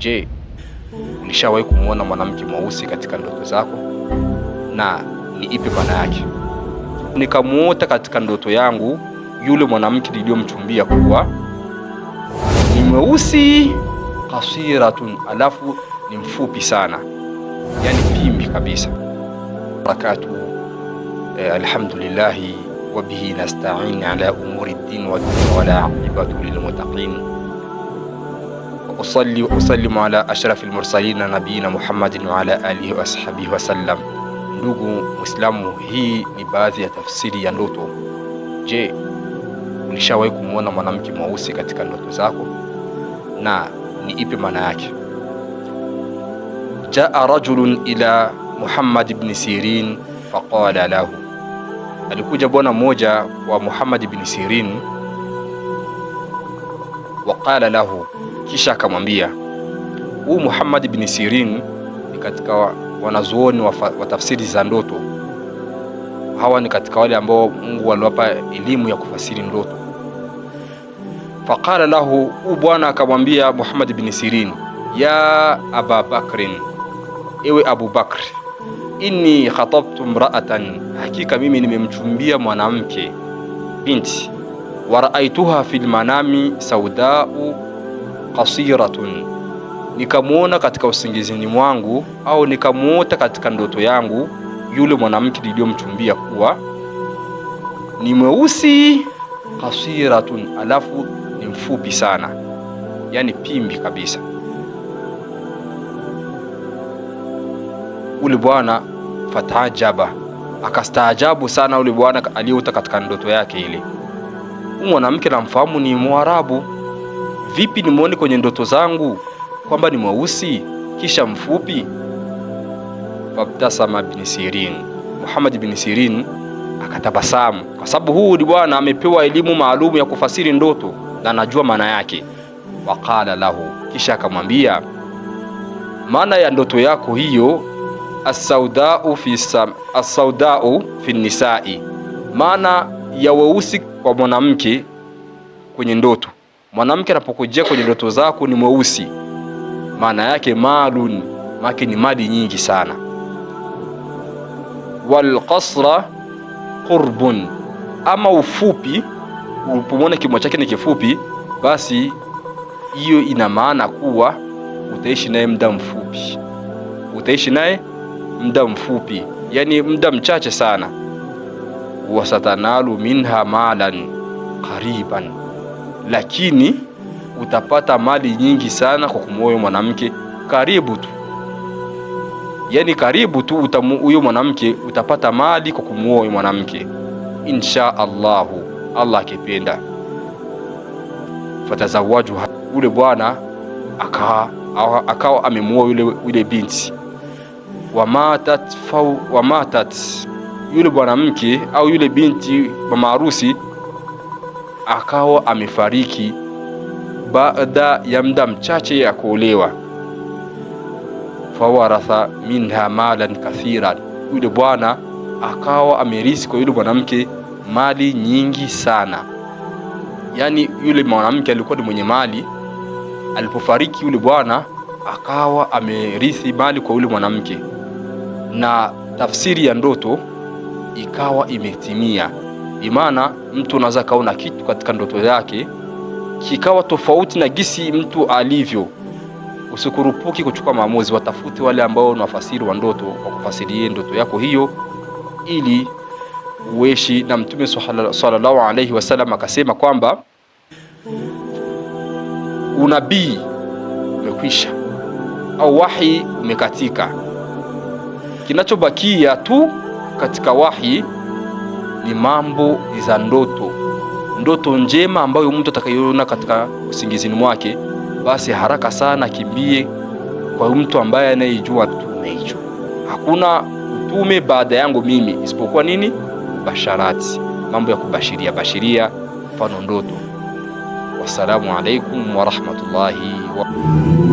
Je, ulishawahi kumwona mwanamke mweusi katika ndoto zako na ni ipi maana yake? Nikamwota katika ndoto yangu yule mwanamke niliyomchumbia kuwa ni mweusi kasiratun, alafu ni mfupi sana, yani pimbi kabisa. barakatu e, alhamdulillahi wa bihi nasta'in ala umuri ddin wa dunya wala aqibatu lilmuttaqin usalli wa usallimu ala ashrafi mursalin na nabiina Muhammadin wa ala alihi wa sahbihi wasallam. Ndugu Muislamu, hii ni baadhi ya tafsiri ya ndoto. Je, ulishawahi kumwona mwanamke mweusi katika ndoto zako na ni ipi maana yake? Jaa rajulun ila Muhammad ibn Sirin faqala lahu, alikuja bwana mmoja wa Muhammad ibn Sirin waqala lahu, kisha akamwambia. Huu Muhammad bin Sirin ni katika wanazuoni wa tafsiri za ndoto. Hawa ni katika wale ambao Mungu aliwapa elimu ya kufasiri ndoto. Faqala lahu, huu bwana akamwambia Muhammad bin Sirin, ya Aba Bakrin, ewe Abu Bakr, inni khatabtu mraatan, hakika mimi nimemchumbia mwanamke binti waraaituha fil manami saudau qasiratun, nikamwona katika usingizini mwangu au nikamwota katika ndoto yangu yule mwanamke niliyomchumbia kuwa ni mweusi qasiratun, alafu ni mfupi sana, yani pimbi kabisa. Ule bwana fataajaba, akastajabu sana ule bwana aliyeuta katika ndoto yake ile huu mwanamke namfahamu ni Mwarabu. Vipi nimwone kwenye ndoto zangu kwamba ni mweusi kisha mfupi? Wabtasama bin Sirin, Muhammad bin Sirin akatabasamu, kwa sababu huu ni bwana amepewa elimu maalumu ya kufasiri ndoto na anajua maana yake. Waqala lahu, kisha akamwambia maana ya ndoto yako hiyo, asaudau fi nisai, maana ya weusi kwa mwanamke kwenye ndoto. Mwanamke anapokujia kwenye ndoto zako ni mweusi, maana yake malun, make ni mali nyingi sana. Walqasra qurbun, ama ufupi, upomona kimo chake ni kifupi, basi hiyo ina maana kuwa utaishi naye muda mfupi, utaishi naye muda mfupi, yaani muda mchache sana wasatanalu minha malan qariban, lakini utapata mali nyingi sana kwa kumwoa mwanamke karibu tu, yani karibu tu huyo mwanamke utapata mali kwa kumwoa mwanamke insha Allahu, Allah akipenda. Fatazawaju, ule bwana akawa akawa amemwoa yule binti wamatat, wamatat yule bwanamke au yule binti mama harusi akawa amefariki baada ya muda mchache ya kuolewa. Fawaratha minha malan kathiran, yule bwana akawa amerisi kwa yule mwanamke mali nyingi sana. Yaani yule mwanamke alikuwa ni mwenye mali, alipofariki yule bwana akawa amerithi mali kwa yule mwanamke. Na tafsiri ya ndoto ikawa imetimia. Imana mtu unaweza kaona kitu katika ndoto yake kikawa tofauti na gisi mtu alivyo. Usikurupuki kuchukua maamuzi, watafute wale ambao ni wafasiri wa ndoto wakufasirie ndoto yako hiyo, ili uweshi na Mtume sallallahu alaihi wasallam akasema kwamba unabii umekwisha au wahi umekatika, kinachobakia tu katika wahi ni mambo za ndoto, ndoto njema ambayo mtu atakayoona katika usingizini mwake, basi haraka sana akimbie kwa mtu ambaye anayejua tume hicho. Hakuna utume baada yangu mimi isipokuwa nini? Basharati, mambo ya kubashiria bashiria, mfano ndoto. Wassalamu alaikum warahmatullahi wa